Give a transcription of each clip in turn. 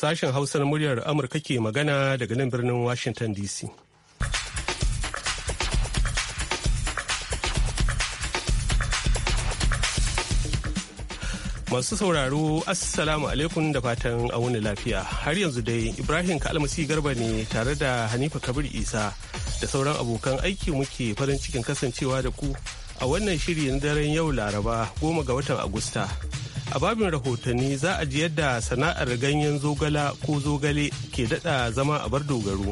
Sashen Hausa na muryar Amurka ke magana daga nan birnin Washington DC. Masu sauraro Assalamu alaikum da fatan a wani lafiya. Har yanzu dai Ibrahim Kalmasi Garba ne tare da Hanifa Kabir Isa da sauran abokan aiki muke farin cikin kasancewa da ku a wannan shiri na daren yau Laraba goma ga watan Agusta. a babin rahotanni za a ji yadda sana'ar ganyen zogala ko zogale ke daɗa zama a bar dogaro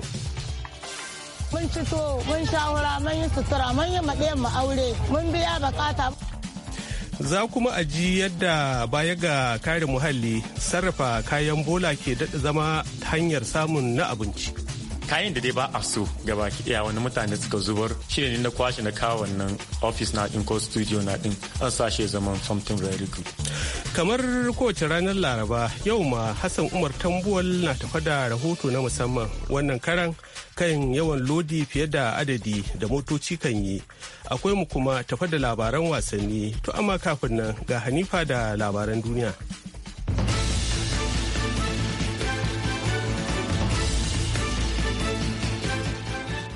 mun cito mun shawara mun yi sutura mun yi maɗe mu aure mun biya bakata. za kuma a ji yadda baya ga kare muhalli sarrafa kayan bola ke daɗa zama hanyar samun na abinci kayan da dai ba a so gaba daya wani mutane suka zubar shi ne na kwashe na kawo wannan office na ɗin ko studio na ɗin an sashe zaman something very good kamar kowace ranar laraba yau ma hassan umar tambuwal na tafa da rahoto na musamman wannan karan kan yawan lodi fiye da adadi da motoci kan yi akwai mu kuma tafa da labaran wasanni to amma kafin nan ga hanifa da labaran duniya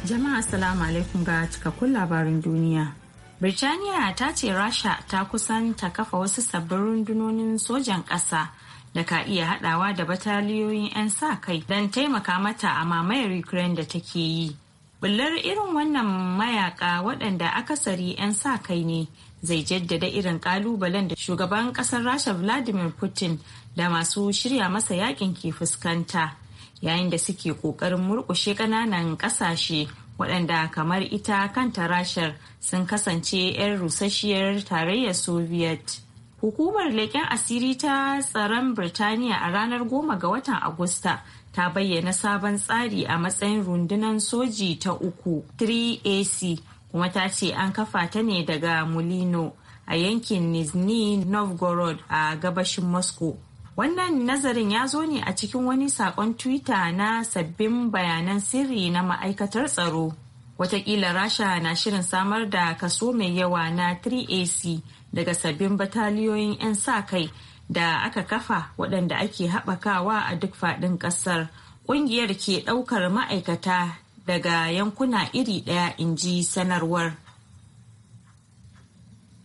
jama'a assalamu alaikum ga cikakkun labarin duniya Birtaniya ta ce Rasha ta kusan ta kafa wasu sabbin rundunonin sojan ƙasa da ka iya haɗawa da bataliyoyin 'yan sa kai don taimaka mata a mamayar Ukraine da take yi. Bullar irin wannan mayaka waɗanda akasari 'yan sa kai ne zai jaddada irin ƙalubalen da shugaban ƙasar rasha vladimir putin da masu shirya masa yakin ke fuskanta yayin da suke kokarin murkushe kananan kasashe waɗanda kamar ita kanta rashar sun kasance 'yan rusasshiyar tarayyar soviet hukumar leƙen asiri ta tsaron birtaniya a ranar 10 ga watan agusta ta bayyana sabon tsari a matsayin rundunar soji ta uku 3ac kuma ta ce an kafa ta ne daga mulino a yankin nizhny novgorod a gabashin moscow Wannan nazarin ya zo ne a cikin wani saƙon Twitter na sabbin bayanan sirri na ma'aikatar tsaro. Watakila Rasha na shirin samar da kaso mai yawa na 3AC daga sabbin bataliyoyin 'yan sa-kai da aka kafa waɗanda ake haɓakawa a duk faɗin ƙasar. Ƙungiyar ke ɗaukar ma'aikata daga yankuna iri ɗaya inji sanarwar.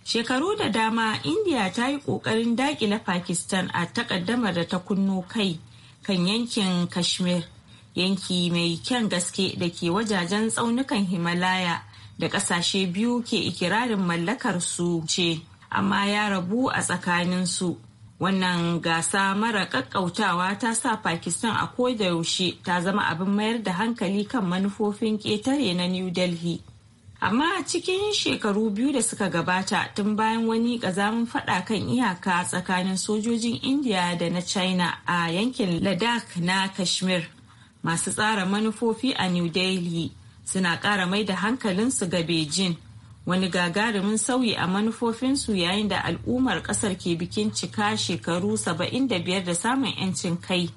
shekaru da dama india ta yi kokarin dakile pakistan a takaddamar da ta kunno kai kan yankin kashmir yanki mai kyan gaske da ke wajajen tsaunukan himalaya da ƙasashe biyu ke ikirarin mallakar su ce amma ya rabu a tsakaninsu wannan gasa mara ƙaƙƙautawa ta sa pakistan a yaushe ta zama abin mayar da hankali kan manufofin ƙetare na new delhi amma a cikin shekaru biyu da suka gabata tun bayan wani kazamin fada kan iyaka tsakanin sojojin india da na china a yankin ladakh na kashmir masu tsara manufofi a new delhi suna ƙara mai da hankalinsu ga beijing wani gagarumin sauyi a manufofinsu yayin da al'ummar ƙasar ke bikin cika shekaru 75 da samun 'yancin kai.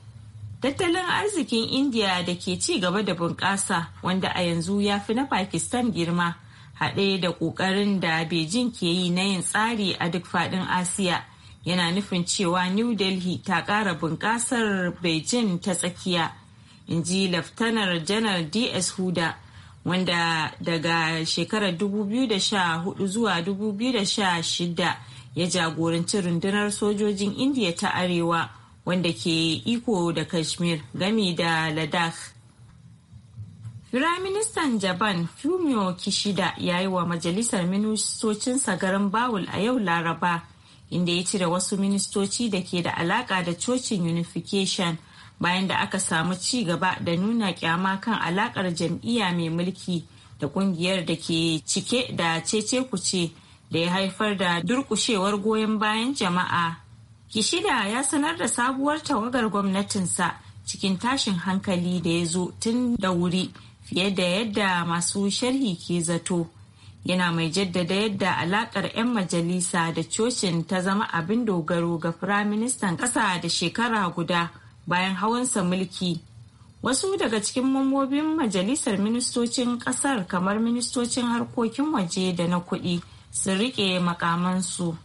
Tattalin arzikin indiya da ke ci gaba da bunƙasa wanda a yanzu ya fi na Pakistan girma haɗe da ƙoƙarin da Beijing ke yi na yin tsari a duk faɗin Asiya yana nufin cewa New Delhi ta ƙara bunƙasar Beijing ta tsakiya. In ji Laftanar Janar DS Huda wanda daga shekarar 2014 zuwa 2016 ya jagoranci rundunar sojojin indiya ta Arewa. wanda ke iko da kashmir gami da ladakh Firaministan Japan Fumio Kishida ya yi wa majalisar ministocinsa garin Bawul a yau Laraba, inda ya cire wasu ministoci da ke da alaka da cocin Unification bayan da aka samu ci gaba da nuna kyama kan alakar jam'iyya mai mulki da kungiyar da ke cike da cece kuce da ya haifar da durkushewar goyon bayan jama'a Kishida ya sanar da sabuwar tawagar gwamnatinsa cikin tashin hankali da ya zo tun da wuri fiye da yadda masu sharhi ke zato. Yana mai jaddada yadda alakar 'yan majalisa da cocin ta zama abin dogaro ga firaministan ƙasa da shekara guda bayan hawansa mulki. Wasu daga cikin mambobin majalisar ministocin ƙasar kamar ministocin harkokin waje da na kuɗi sun riƙe makamansu.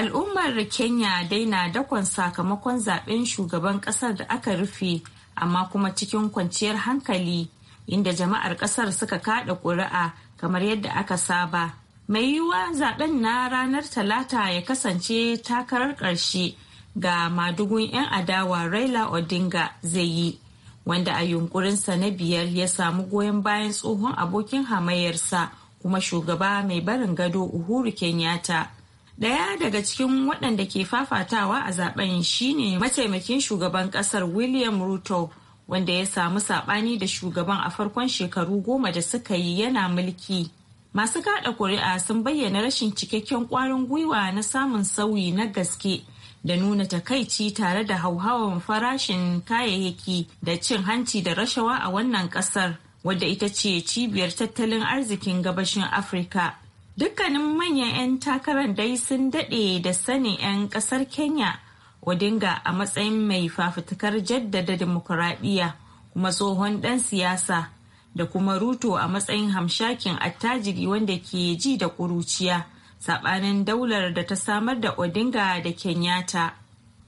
al'ummar kenya dai na dakon sakamakon zaben shugaban kasar da aka rufe amma kuma cikin kwanciyar hankali inda jama'ar kasar suka kada ƙuri'a kamar yadda aka saba mai yiwuwa zaben na ranar talata ya kasance takarar ƙarshe ga madugun 'yan adawa raila odinga zai yi wanda a yunkurinsa na biyar ya samu goyon bayan tsohon abokin hamayarsa kuma shugaba mai barin gado uhuru kenyatta Daya daga cikin waɗanda ke fafatawa a zaben shine mataimakin shugaban ƙasar William Ruto wanda ya samu saɓani da shugaban a farkon shekaru goma da suka yi yana mulki. Masu kaɗa ƙuri'a sun bayyana rashin cikakken ƙwarin gwiwa na samun sauyi na gaske da nuna takaici tare da hauhawan farashin kayayyaki da cin hanci da rashawa a wannan ƙasar wadda ita ce cibiyar tattalin arzikin gabashin Afirka. Dukkanin manyan 'yan takarar dai sun daɗe da sanin 'yan ƙasar Kenya Odinga a matsayin mai fafutukar jaddada demokuraɗiyya kuma tsohon ɗan siyasa da kuma Ruto a matsayin hamshakin attajiri wanda ke ji da ƙuruciya saɓanin daular da ta samar da Odinga da Kenyatta.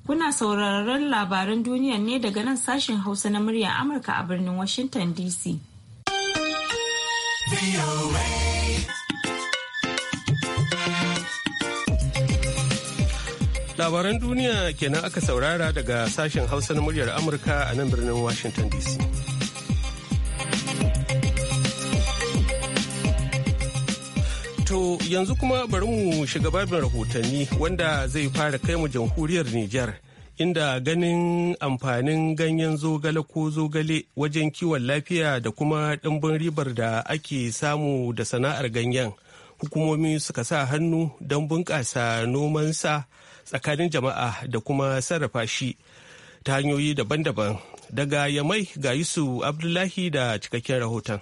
Kuna sauraron labaran duniya ne daga nan sashen Hausa na muryar Amurka a birnin Washington DC. labaran duniya kenan aka saurara daga sashen hausa na muryar amurka a nan birnin washington dc to yanzu kuma bari mu shiga babin rahotanni wanda zai fara kai mu jamhuriyar niger inda ganin amfanin ganyen zogale ko zogale wajen kiwon lafiya da kuma ɗimbin ribar da ake samu da sana'ar ganyen hukumomi suka sa hannu don bunƙasa nomansa tsakanin jama'a da kuma sarrafa shi ta hanyoyi daban-daban daga ya mai ga yisu abdullahi da cikakken rahoton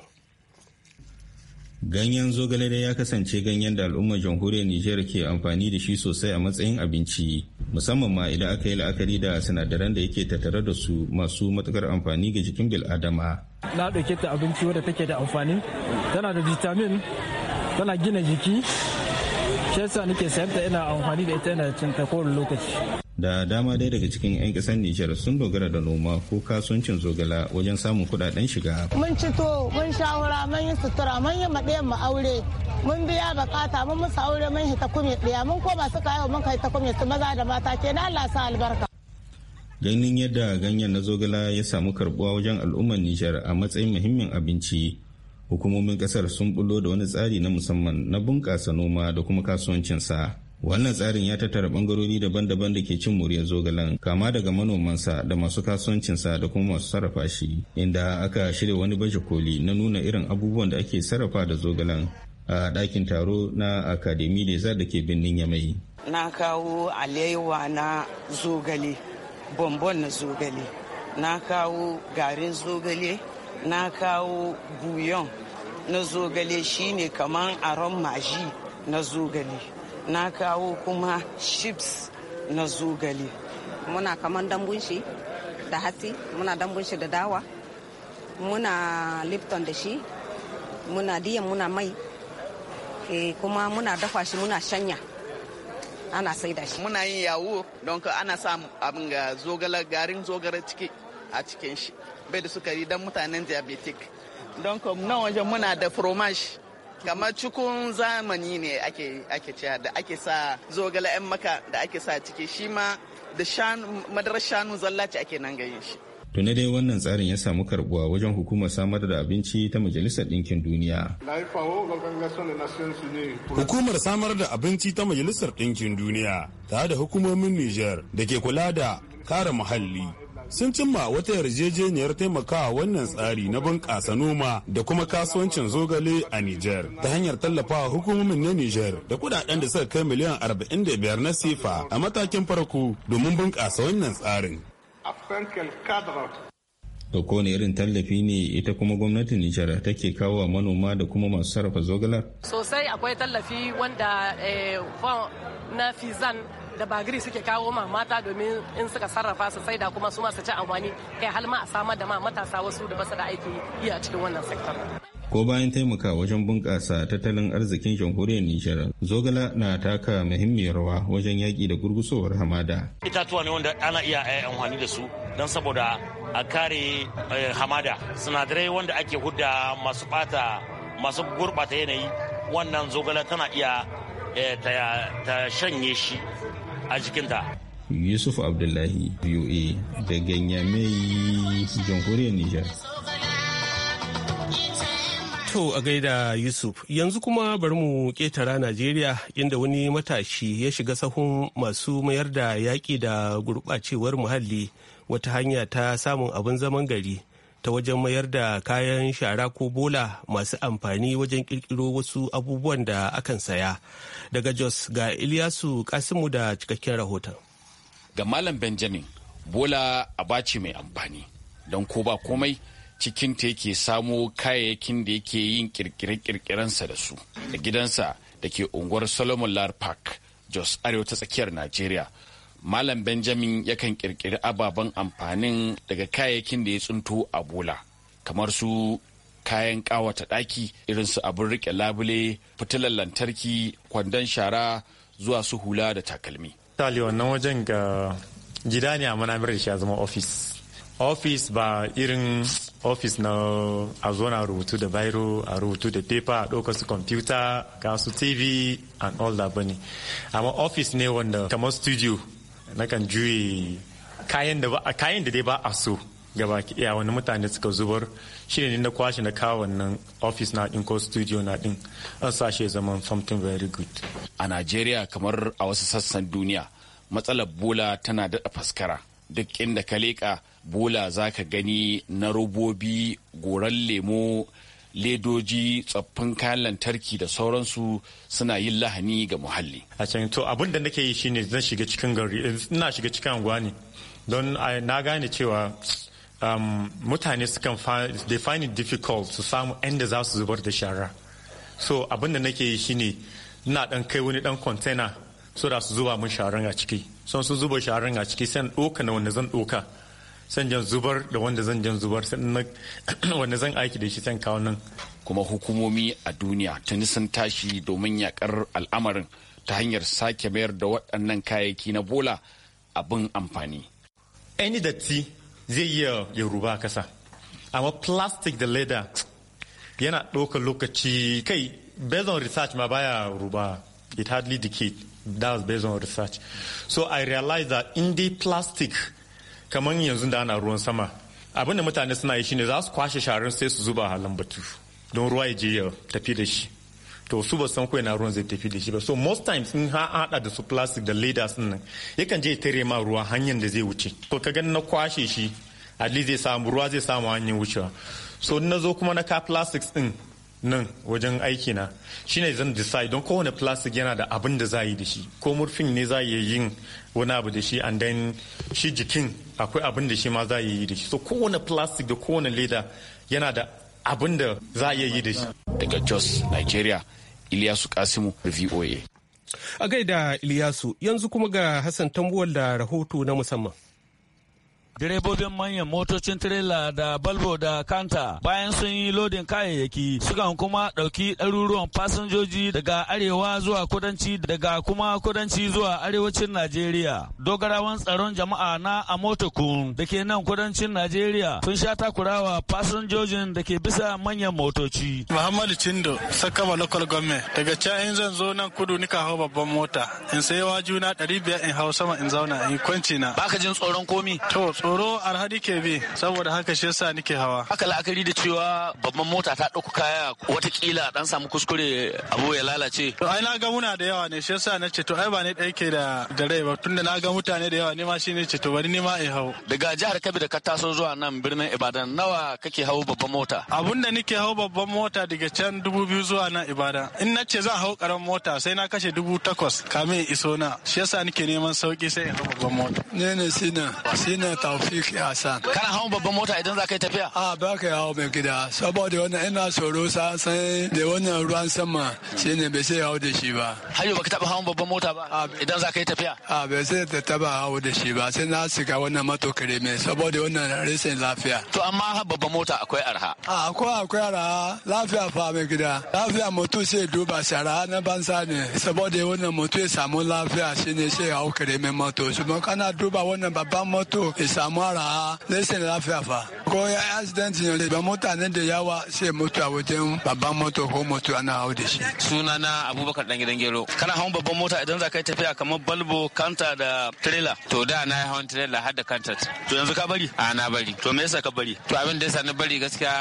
ganyen zogale dai ya kasance ganyen da al'ummar jamhuriyar nijar ke amfani da shi sosai a matsayin abinci musamman ma idan aka yi la'akari da sinadaran da yake tattare da su masu matukar amfani ga jikin bil'adama na ɗauke ta abinci wadda take da amfani tana da vitamin tana gina jiki shi yasa nake sayar ta ina amfani da ita ina cin ta kowane lokaci da dama dai daga cikin 'yan kasar Nijar sun dogara da noma ko kasuwancin zogala wajen samun kudaden shiga. Mun cito, mun shawara, mun yi sutura, mun yi maɗayan mu aure, mun biya bukata, mun musu aure, mun hita kumi ɗaya, mun koma suka yau mun kai ta kumi su maza da mata ke na Allah sa albarka. Ganin yadda ganyen na zogala ya samu karbuwa wajen al'ummar Nijar a matsayin muhimmin abinci hukumomin kasar sun bulo da wani tsari na musamman na bunƙasa noma da kuma kasuwancin sa wannan tsarin ya tattara bangarori daban-daban da ke cin muryar zogalen kama daga manomansa da masu kasuwancinsa da kuma masu sarrafa shi inda aka shirya wani baje koli na nuna irin abubuwan da ake sarrafa da zogalen a dakin taro na akademi za da ke birnin yamai na kawo alewa na zogale bombon na zogale na kawo garin zogale na kawo buyon na zogale shine kaman aron maji na zogale na kawo kuma chips na zogale muna kaman dambun shi da hatsi muna dambun shi da dawa muna lipton da shi muna diyan muna mai e, kuma muna dafa shi muna shanya ana saida shi muna yin yawo don ana sa abin ga zogala garin zogala ciki a cikin shi bai da sukari don mutanen diabetic don na wajen muna da fromage kamar cikin zamani ne ake ake ciya da ake sa zogala 'yan maka da ake sa ciki shi ma da madarar shanu zalla ce ake nan gayin shi tuni dai wannan tsarin ya samu karbuwa wajen hukumar samar da abinci ta majalisar ɗinkin duniya hukumar samar da abinci ta majalisar ɗinkin duniya tare da hukumomin niger da ke kula da kare muhalli sun cimma wata yarjejeniyar taimakawa wannan tsari na bunƙasa noma da kuma kasuwancin zogale a Nijar ta hanyar tallafawa hukumomin na Nijar da kudaden da suka kai miliyan 45 na sifa a matakin farko domin bunƙasa wannan tsarin. Da kowane irin tallafi ne ita kuma gwamnatin Nijar take kawo wa manoma da kuma masu sarrafa zogalar? Sosai akwai tallafi wanda eh, na Fizan da bagiri suke kawo ma mata domin in suka sarrafa su saida kuma su ma ci amfani kai halma a samar da ma matasa wasu da basu da aiki yi a cikin wannan sektor. ko bayan taimaka wajen bunƙasa tattalin arzikin jamhuriyar Nijar. Zogala na taka muhimmiyar rawa wajen yaƙi da gurgusowar hamada. Itatuwa ne wanda ana iya amfani da su don saboda a kare eh, hamada. Sinadarai wanda ake hudda masu bata masu gurɓata yanayi wannan zogala tana iya eh, ta shanye shi a jikinta. Yusuf Abdullahi, VOA, ganya mai jamhuriyar Nijar. To a gaida Yusuf, yanzu kuma bari mu ƙetara Najeriya inda wani matashi ya shiga sahun masu mayar da yaƙi da gurɓacewar muhalli wata hanya ta samun abin zaman gari ta wajen mayar da kayan shara ko bola masu amfani wajen kirkiro wasu abubuwan da akan saya daga jos ga iliyasu kasimu da cikakken rahoton ga malam benjamin bola a abaci mai amfani don ko ba komai cikin ta yake samo kayayyakin da yake yin kirkire-kirkirensa da su da gidansa da ke unguwar solomon lar park jos arewa ta tsakiyar najeriya Malam Benjamin yakan kirkiri ababen amfanin daga kayayyakin da ya tsinto a bola, kamar su kayan ƙawata ɗaki irin su abin riƙe labule, fitilar lantarki, kwandon shara zuwa su hula da takalmi. Tali wannan wajen ga gida ne a manamir shi ya zama ofis. Ofis ba irin ofis na a zona rubutu da bairo a rubutu da pepa a ɗauka su kwamfuta ga su tv and all that bane amma ofis ne wanda kamar studio nakan juye kayan da kayan da dai ba a so gaba iya wani mutane suka zubar shi ne na kwashe na kawo wannan office na din ko studio na din an sashe zaman something very good a nigeria kamar a wasu sassan duniya matsalar bola tana daɗa faskara duk inda ka leƙa bola za ka gani na robobi goran lemo ledoji tsaffin kayan lantarki da sauransu suna yin lahani ga muhalli a can to abin da nake yi shine zan shiga cikin gari ina shiga cikin anguwa ne don na gane cewa um, mutane sukan they find it difficult su samu inda za su zubar da shara so abin da nake yi shine ina dan kai wani dan container so da su zuba mun sharan a ciki son su zuba sharan a ciki sai ɗoka na wanda zan ɗoka san jan zubar da wanda zan jan zubar wanda zan aiki da shi can kawo nan kuma hukumomi a duniya tuni sun tashi domin yakar al'amarin ta hanyar sake mayar da waɗannan kayayyaki na bola abin amfani any datti zai iya yoruba kasa amma plastic da leda yana ɗaukar lokaci kai based on research ma baya ruba it hardly decay that's based on research so i realized that in the plastic kamar yanzu da ana ruwan sama abin da mutane suna yi shine za su kwashe sharar sai su zuba lambatu don ruwa ya je ya tafi da shi to su ba san ko yana ruwan zai tafi da shi ba so most times in ha hada da su plastic da leda sun nan yakan je tare ma ruwa hanyar da zai wuce to ka gani na kwashe shi at least zai samu ruwa zai samu hanyar wucewa so na zo kuma na ka plastics din nan wajen aiki na shine zan decide don kowane plastic yana da abin da za yi da shi ko murfin ne za yi yin wani abu da shi and then shi jikin akwai abin da shi ma za yi da shi so kowane plastic da kowane leda yana da abin da za a iya yi da shi daga jos nigeria iliyasu kasimu voa a gaida iliyasu yanzu kuma ga hassan tambuwal da rahoto na musamman direbobin manyan motocin tirela da balbo da kanta bayan sun yi lodin kayayyaki sukan kuma ɗauki ɗaruruwan fasinjoji daga arewa zuwa kudanci daga kuma kudanci zuwa arewacin najeriya dogarawan tsaron jama'a na amotokun da ke nan kudancin najeriya sun sha takurawa fasinjojin da ke bisa manyan motoci muhammadu cindo sakama local government daga can in zan zo nan kudu ka hau babban mota in sayi wajuna ɗari biyar in hau sama in zauna in kwanci na baka jin tsoron komi to Tsoro arhadi ke bi saboda haka shi yasa nake hawa. Haka la'akari da cewa babban mota ta ɗauko kaya watakila dan samu kuskure abu ya lalace. To ai na ga muna da yawa ne shi yasa na to ai ba ne ɗaya ke da da rai ba tunda na ga mutane da yawa ne ma shi ne ce to bari ni ma in hau. Daga jihar kabi da ka taso zuwa nan birnin Ibadan nawa kake hau babban mota? abunda da nake hau babban mota daga can dubu biyu zuwa nan Ibadan. In nace ce zan hau karamin mota sai na kashe dubu takwas kamin iso na shi yasa nake neman sauki sai in hau babban mota. Ne ne sina sina ta Taufik Hassan. Kana hawan babban mota idan za ka yi tafiya? A ba ka hawa mai gida saboda wannan ina tsoro sa sai da wannan ruwan sama shi ne bai sai hawa da shi ba. Hayo baka taba hawan babban mota ba idan za ka yi tafiya? A bai sai ta taba hawa da shi ba sai na shiga wannan matokare mai saboda wannan rashin lafiya. To amma babban mota akwai arha. A akwai akwai arha lafiya fa mai gida lafiya mutum sai duba shara na banza ne saboda wannan mutum ya samu lafiya shi ne sai hawa kare mai moto. Shi kana duba wannan babban ya samu raha rashin lafiya fa ko ya accident ne ba mutane da yawa sai mutu a wajen babban moto ko moto ana hau da shi suna na abubakar dan gidan gero kana hawan babban mota idan za ka yi tafiya kamar balbo kanta da trailer to da na hawan trailer har da kanta to yanzu ka bari a na bari to me yasa ka bari to abin da yasa na bari gaskiya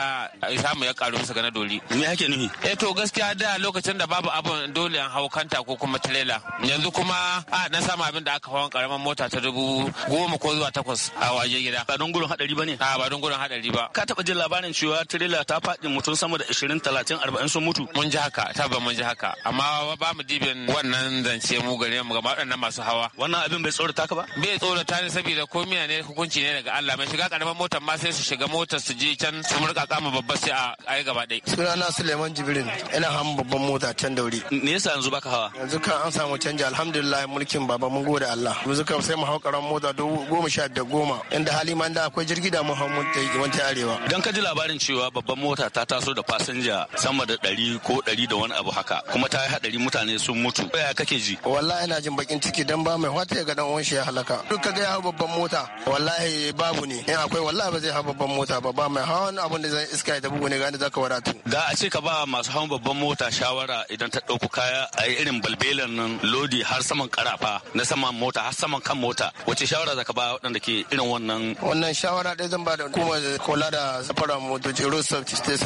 samu ya karu bisa gana doli me yake nufi eh to gaskiya da lokacin da babu abin dole an hau kanta ko kuma trailer yanzu kuma a na samu abin da aka hawan karamar mota ta dubu goma ko zuwa takwas awa waje gida ba don gudun hadari ba ne a ba don gudun hadari ba ka taba jin labarin cewa tirela ta faɗi mutum sama da 20 30 40 sun mutu mun ji haka tabba mun ji haka amma ba mu dibin wannan zance mu gare mu ga waɗannan masu hawa wannan abin bai tsorata ka ba bai tsorata ne saboda ko miya ne hukunci ne daga Allah mai shiga karamar motar ma sai su shiga motar su je can su murka kama babba sai a ai gaba dai sunana Suleiman Jibrin ina hamu babban mota can da wuri me yasa yanzu baka hawa yanzu kan an samu canji alhamdulillah mulkin baba mun gode Allah yanzu kan sai mu hau karamar mota goma sha da goma inda hali ma da akwai jirgi da muhammad ta wanta arewa dan ka ji labarin cewa babban mota ta taso da fasinja sama da ɗari ko ɗari da wani abu haka kuma ta yi haɗari mutane sun mutu ya kake ji wallahi ina jin bakin ciki dan ba mai wata ga dan uwan shi ya halaka duk ka ga ya babban mota wallahi babu ne in akwai wallahi ba zai hau babban mota ba ba mai hawan abin da zai iska ya tabu ne ga inda zaka wadatu da a ce ka ba masu hawan babban mota shawara idan ta ɗauko kaya a yi irin balbelan nan lodi har saman karafa na saman mota har saman kan mota wace shawara zaka ba waɗanda ke irin wannan wannan shawara dai zan ba da kuma kula da safara motoci road su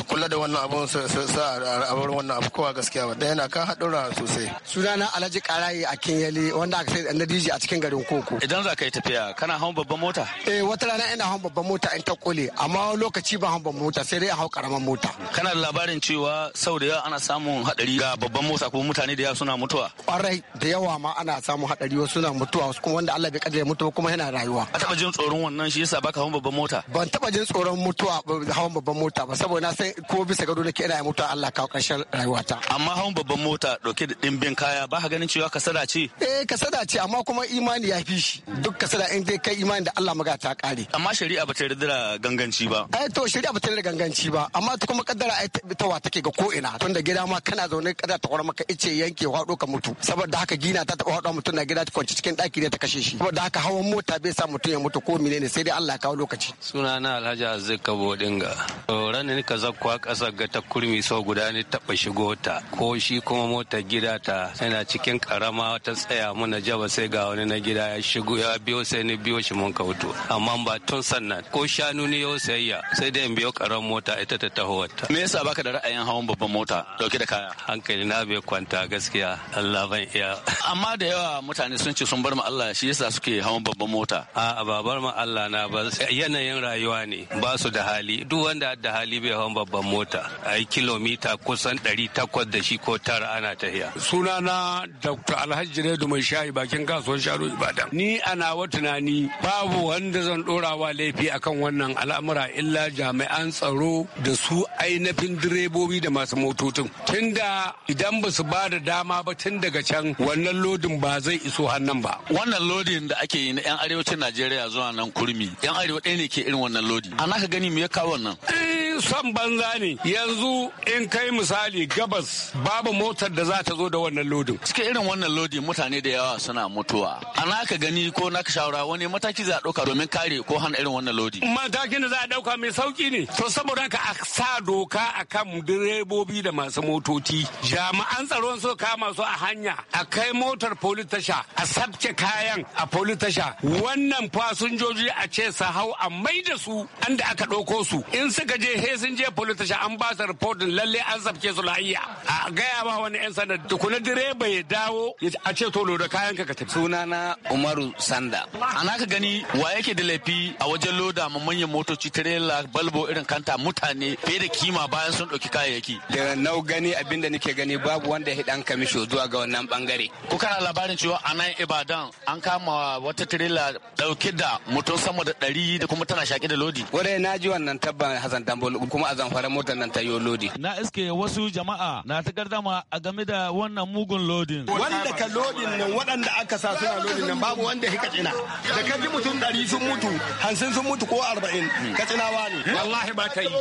kula da wannan abun su sa a wannan abu kowa gaskiya ba da yana kan haɗura sosai sunana alhaji karayi a kinyali, wanda aka sai na diji a cikin garin koko idan za ka yi tafiya kana hawan babban mota eh wata rana ina hawan babban mota in ta kule amma lokaci ba hawan babban mota sai dai hawan karaman mota kana da labarin cewa sau da yawa ana samun haɗari ga babban mota ko mutane da yawa suna mutuwa kwarai da yawa ma ana samun haɗari wasu suna mutuwa wasu kuma wanda Allah bai kaddara mutuwa kuma yana rayuwa a taba jin tsoro tsoron wannan shi yasa baka hawan babban mota ban taba jin tsoron mutuwa hawan babban mota ba saboda na san ko bisa gado nake ina mutuwa Allah ka karshen rayuwata amma hawan babban mota dauke da dimbin kaya ba ka ganin cewa kasada ce eh kasada ce amma kuma imani ya fi shi duk ka sada in dai kai imani da Allah magata ta kare amma shari'a ba ta yarda da ganganci ba eh to shari'a ba ta yarda da ganganci ba amma ta kuma kaddara ai ta wa take ga ko ina tun da gida ma kana zaune kada ta kwara maka ice yanke hado ka mutu saboda haka gina ta taba hado mutum na gida ta kwanci cikin daki ne ta kashe shi saboda haka hawan mota bai sa mutum ya mutu ko ne sai dai Allah kawo lokaci suna na Alhaji Azzai Kabo Dinga ranar ka zakwa kasar ga ta kurmi so guda ne taba shigo ta ko shi kuma mota gida ta yana cikin karama ta tsaya muna jaba sai ga wani na gida ya shigo ya biyo sai ni biyo shi mun kauto amma ba tun sannan ko shanu ne yau sayayya sai dai in biyo karan mota ita ta taho wata me yasa baka da ra'ayin hawan babban mota dauke da kaya hankali na bai kwanta gaskiya Allah ban iya amma da yawa mutane sun ce sun bar mu Allah shi yasa suke hawan babban mota A'a babar mu Allah na ba yanayin rayuwa ne ba su da hali duk wanda da hali bai hawan babban mota a yi kilomita kusan 800 da shi ko tara ana tafiya. Suna na Dr. Alhaji redu mai shayi bakin kasuwar Sharo Ibadan. Ni a nawa tunani babu wanda zan dorawa laifi akan wannan al'amura illa jami'an tsaro da su ainihin direbobi da masu motocin. Tunda idan ba su ba da dama ba tun daga can wannan lodin ba zai iso hannun ba. Wannan lodin da ake yi na 'yan arewacin Najeriya zuwa mutanen kurmi yan arewa ɗaya ne ke irin wannan lodi a naka gani me ya kawo wannan eh, son banza ne yanzu in kai misali gabas babu motar da za ta zo da wannan lodin cikin irin wannan lodi mutane da yawa suna mutuwa a naka gani ko na ka shawara wani mataki za a ɗauka domin kare ko hana irin wannan lodi matakin da za a ɗauka mai sauki ne to saboda ka a sa doka a kan direbobi da masu motoci jami'an tsaron su kama su a hanya a kai motar police tasha a sabke kayan a police tasha wannan fasinjoji sojoji a ce su hau a mai da su an da aka ɗauko su in suka je he sun je police an ba su reportin lalle an sabke su la'ayya a gaya ma wani yan sanda tukuna direba ya dawo a ce to loda kayan ka tafi suna na umaru sanda ana ka gani wa yake da laifi a wajen loda ma manyan motoci tirela balbo irin kanta mutane fiye da kima bayan sun ɗauki kayayyaki daga nau gani abinda nake gani babu wanda ya dan kamisho zuwa ga wannan bangare kuka labarin cewa a nan ibadan an kama wata tirela ɗauke da mutum sama da ɗari da kuma tana shaƙi da lodi. Wadai na ji wannan tabban Hassan Dambol kuma a zamfara motar nan ta yi lodi. Na iske wasu jama'a na ta gardama a game da wannan mugun lodin. Wanda ka lodin nan waɗanda aka sa suna lodin nan babu wanda ya kacina. Da ka ji mutum ɗari sun mutu hamsin sun mutu ko arba'in kacinawa ne. Wallahi ba ta yi.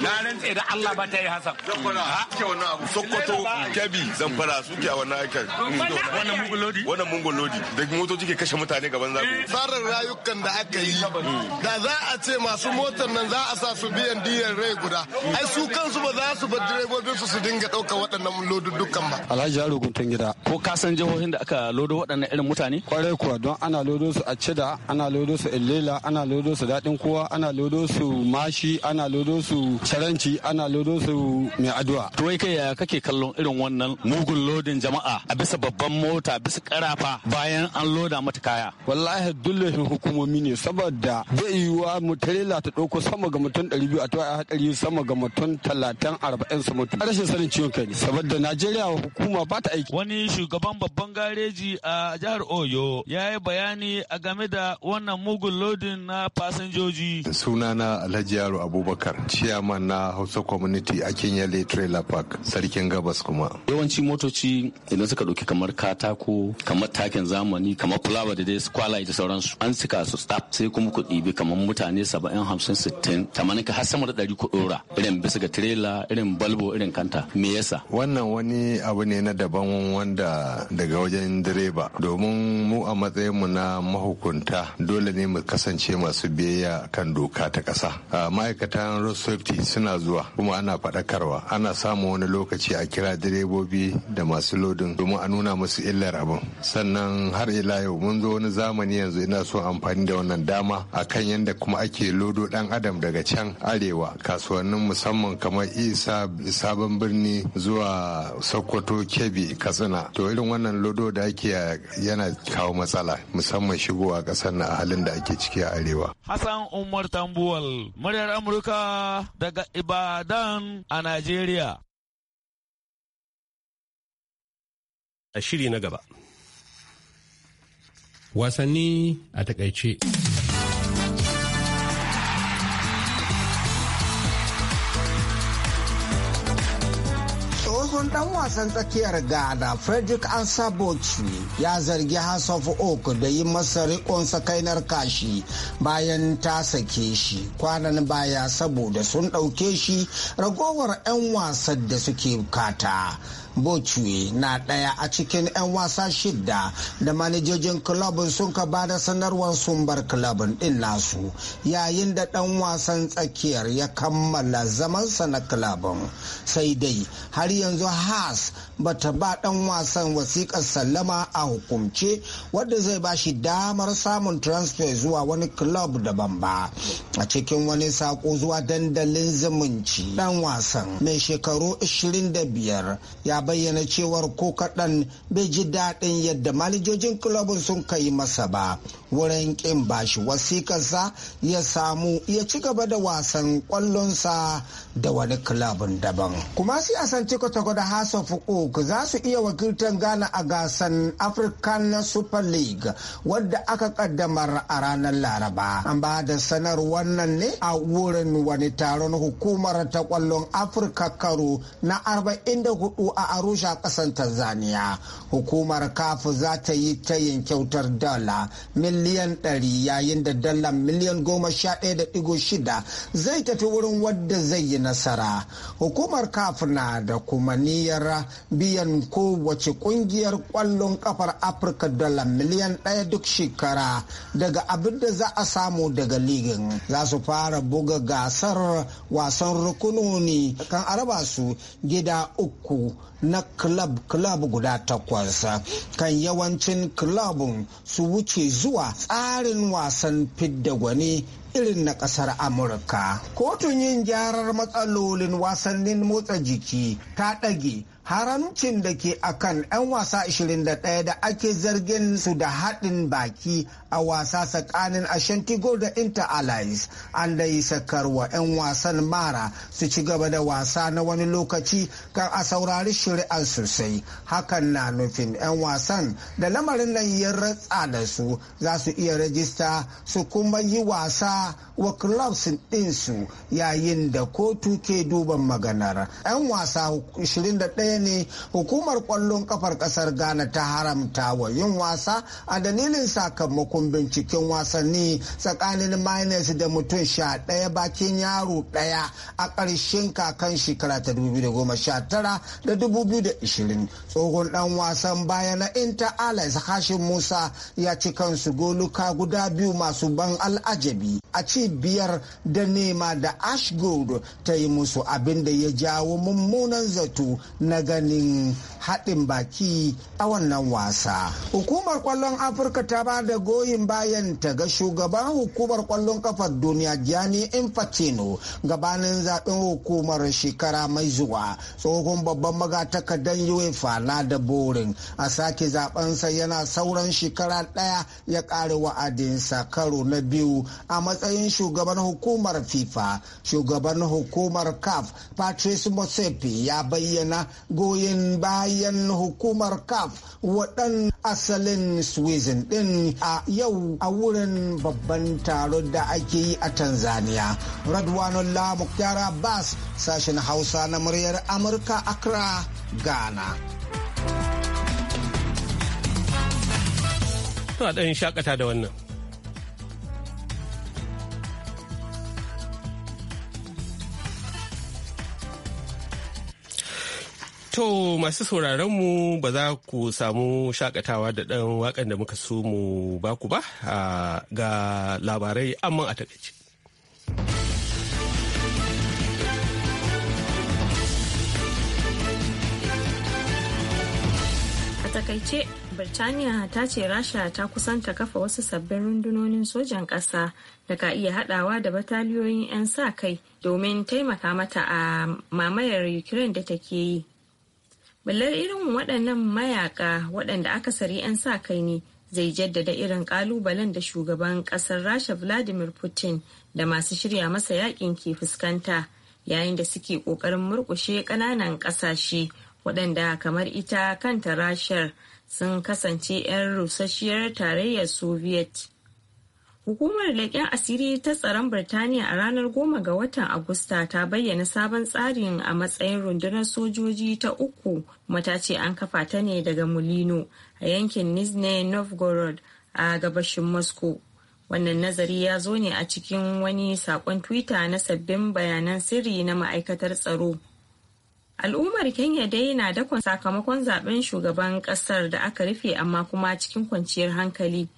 Na tse da Allah ba ta yi Hassan. Sokoto Kebbi Zamfara suke a wannan aikin. Wannan mugun lodi. Wannan mugun lodi. Da motoci ke kashe mutane gaban zago. Tsarin rayuka laifukan da aka yi da za a ce masu motar nan za a sa su biyan diyan rai guda ai su kansu ba za su bar direbobin su su dinga ɗauka waɗannan loduddukan ba alhaji yaro guntun gida ko ka san jihohin da aka lodo waɗannan irin mutane kwarai kuwa don ana lodo su a cida ana lodo su illela ana lodo su daɗin kowa ana lodo su mashi ana lodo su sharanci ana lodo su mai addu'a to kai yaya kake kallon irin wannan mugun lodin jama'a a bisa babban mota bisa karafa bayan an loda mata kaya wallahi dullahin hukumar hukumomi ne saboda zai yiwuwa mu mutarela ta ɗauko sama ga mutum ɗari biyu a ta haɗari sama ga mutum talatin arba'in su mutu. Rashin sanin ciwon kai ne saboda Najeriya hukuma ba ta aiki. Wani shugaban babban gareji a jihar Oyo ya yi bayani a game da wannan mugun lodin na fasinjoji. Sunana Alhaji Yaro Abubakar, ciyaman na Hausa Community a le Trailer Park, Sarkin Gabas kuma. Yawanci motoci idan suka ɗauki kamar katako, kamar takin zamani, kamar fulawa da dai kwalaye da sauransu. An suka ka su staff sai kuma ku ɗibi kamar mutane saba'in hamsin sittin tamanin ka har sama da ɗari kuɗi irin bisa ga tirela irin balbo irin kanta me yasa. wannan wani abu ne na daban wanda daga wajen direba domin mu a matsayin mu na mahukunta dole ne mu kasance masu biyayya kan doka ta ƙasa ah, ma'aikatan road safety suna zuwa kuma ana faɗakarwa ana samun wani lokaci a kira direbobi da masu lodin domin a nuna musu illar abin sannan har ila yau mun zo wani zamani yanzu ina so amfani amfani da wannan dama a kan yadda kuma ake lodo dan adam daga can arewa kasuwannin musamman kamar isa sabon birni zuwa sokoto kebbi katsina to irin wannan lodo da ake yana kawo matsala musamman shigowa kasar na halin da ake ciki a arewa hassan umar tambuwal muryar amurka daga ibadan a najeriya a shiri na gaba wasanni a takaice. tsohon dan wasan tsakiyar ghana frederick ansabochi ya zargi house of oak da yi masa rikon sakainar kashi bayan ta sake shi kwanan baya saboda sun ɗauke shi ragowar 'yan wasan da suke kata Bochwe na ɗaya a cikin 'yan wasa shidda da manajojin kulabun sun ka ba da sanarwar sun bar kulabun ɗin nasu yayin da ɗan wasan tsakiyar ya kammala zamansa na kulabun. Sai dai har yanzu Haas bata ba ɗan wasan wasikar sallama a hukumce wadda zai ba shi damar samun transfer zuwa wani club daban ba. A cikin wani sako zuwa dandalin zumunci ɗan wasan mai shekaru 25 ya bayyana cewar ko kaɗan bai ji daɗin yadda manajojin kulabun sun kai masa ba wurin ƙin bashi wasikarsa ya samu ya ci gaba da wasan ƙwallonsa da wani kulabun daban. Kuma sai a san da gwada of fukuk za su iya wakiltar Ghana a gasan African Super League wadda aka kaddamar a ranar Laraba. An ba da sanar wannan ne a wurin wani taron hukumar ta kwallon Afirka karo na 44 a a Arusha kasan Tanzania. Hukumar kafu za ta yi tayin kyautar dala miliyan 100 yayin da dala miliyan 11.6 zai tafi wurin wadda zai yi nasara. Hukumar kafu na da kuma niyyar biyan kowace ƙungiyar ƙwallon ƙafar Afirka dala miliyan 1 duk shekara daga abin da za a samu daga ligin. Za su fara buga gasar wasan rukunoni kan araba su gida uku na club club guda takwas kan yawancin club su wuce zuwa tsarin wasan fidda gwani irin na kasar amurka kotun yin gyarar matsalolin wasannin motsa jiki ta ɗage haramcin da ke akan 'yan wasa 21 da ake zargin su da haɗin baki a wasa tsakanin ashanti gold da inter allies an da yi sakarwa 'yan wasan mara su ci gaba da wasa na wani lokaci kan a saurari shari'ar sosai hakan na nufin 'yan wasan da lamarin nan ya ratsa da su za su iya rajista su kuma yi wasa wa clubs ɗinsu yayin da kotu ke duban maganar. 'Yan wasa 21 ne hukumar kwallon kafar ƙasar Ghana ta haramta wa yin wasa a dalilin sakamakon binciken wasanni tsakanin minus da mutum sha daya bakin yaro ɗaya a ƙarshen kakan shekara ta 2019 da 2020. Tsohon ɗan wasan baya na Inter Alex Hashim Musa ya ci kansu goluka guda biyu masu ban al'ajabi a ce biyar da nema da ashgold ta yi musu abin da ya jawo mummunan zato na ganin haɗin baki a wannan wasa. Hukumar kwallon Afirka ta ba da goyin bayan ta ga shugaban hukumar kwallon kafar duniya Gianni Infantino gabanin zaɓen hukumar shekara mai zuwa tsohon babban magatakardan UEFA na da borin a sake zaɓensa yana sauran shekara ɗaya ya ƙare wa'adinsa karo na biyu a matsayin shugaban hukumar FIFA shugaban hukumar CAF Patrice Motsepe ya bayyana goyin bayan yan hukumar CAF waɗan asalin Sweden ɗin a yau a wurin babban taron da ake yi a Tanzania. Radwanullah Mukhtar Bas, sashen Hausa na muryar Amurka Accra, Ghana. Tuna ɗan shakata da wannan. To masu sauraron mu ba za ku samu shakatawa da ɗan wakan da muka so mu baku ba ga labarai amma a takaice. A takaice, Birtaniya ta ce Rasha ta kusanta kafa wasu sabbin rundunonin sojan ƙasa da ka iya haɗawa da bataliyoyin 'yan sa kai domin taimaka mata a mamayar Ukraine da take yi Bullar irin waɗannan mayaka waɗanda aka sari 'yan sa kai ne zai jaddada irin ƙalubalen da shugaban ƙasar Rasha Vladimir Putin da masu shirya masa yakin ke fuskanta yayin da suke ƙoƙarin murƙushe ƙananan ƙasashe waɗanda kamar ita kanta Rashar sun kasance 'yan rusasshiyar tarayyar Soviet. Hukumar leƙen asiri ta tsaron Birtaniya a ranar goma ga watan Agusta ta bayyana sabon tsarin a matsayin rundunar sojoji ta uku kuma ce an kafa ta ne daga Mulino a yankin Nizhny Novgorod a gabashin Moscow. Wannan nazari ya zo ne a cikin wani saƙon Twitter na sabbin bayanan sirri na ma'aikatar tsaro. Al'ummar Kenya dai na dakon sakamakon zaben shugaban ƙasar da aka rufe amma kuma cikin kwanciyar hankali.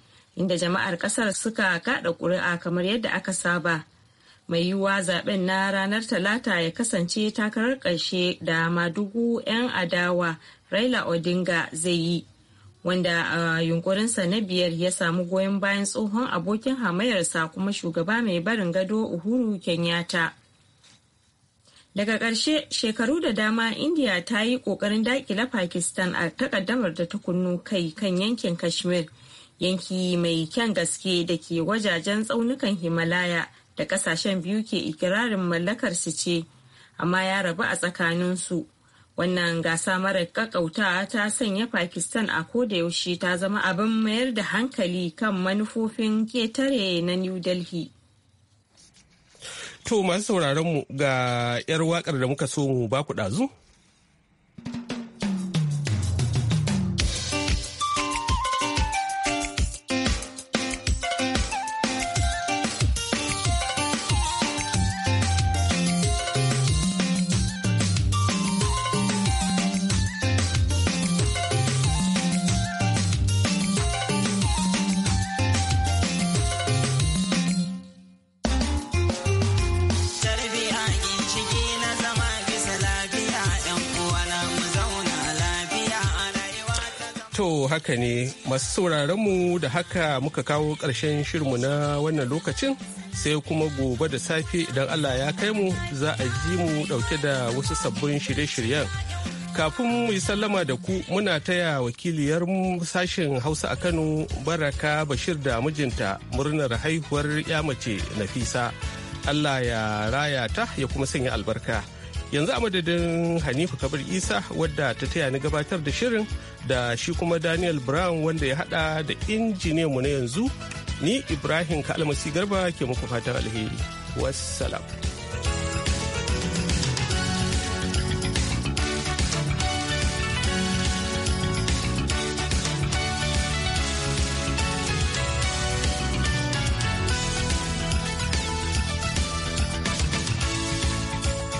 inda jama'ar kasar suka kada kuri'a kamar yadda aka saba mai yiwuwa zaben na ranar talata ya kasance takarar ƙarshe da madugu 'yan adawa raila odinga zai yi wanda a yunkurinsa na biyar ya samu goyon bayan tsohon abokin hamayarsa kuma shugaba mai barin gado uhuru kenyatta daga ƙarshe shekaru da dama india ta yi ƙoƙarin daƙila pakistan a takaddamar da ta kunnu kai kan yankin kashmir yanki mai kyan gaske da ke wajajen tsaunukan himalaya da kasashen biyu ke ikirarin mallakar su ce amma ya rabu a tsakaninsu wannan gasa mara kakauta ta sanya pakistan a kodayaushe ta zama abin mayar da hankali kan manufofin ketare na new delhi to masu sauraron mu ga 'yar wakar da muka so mu baku ɗazu To haka ne masu mu da haka muka kawo ƙarshen shirmu na wannan lokacin sai kuma gobe da safe idan Allah ya kai mu za a ji mu ɗauke da wasu sabbin shirye-shiryen. Kafin mu yi sallama da ku muna taya wakiliyar sashen Hausa a Kano Baraka Bashir da mijinta murnar haihuwar ya mace Nafisa. Allah ya raya ta ya kuma sanya albarka. yanzu a madadin hanifu kabir isa wadda ta taya ni gabatar da shirin da shi kuma daniel brown wanda ya hada da mu na yanzu ni ibrahim kalmasi garba ke muku fatan alheri wassalam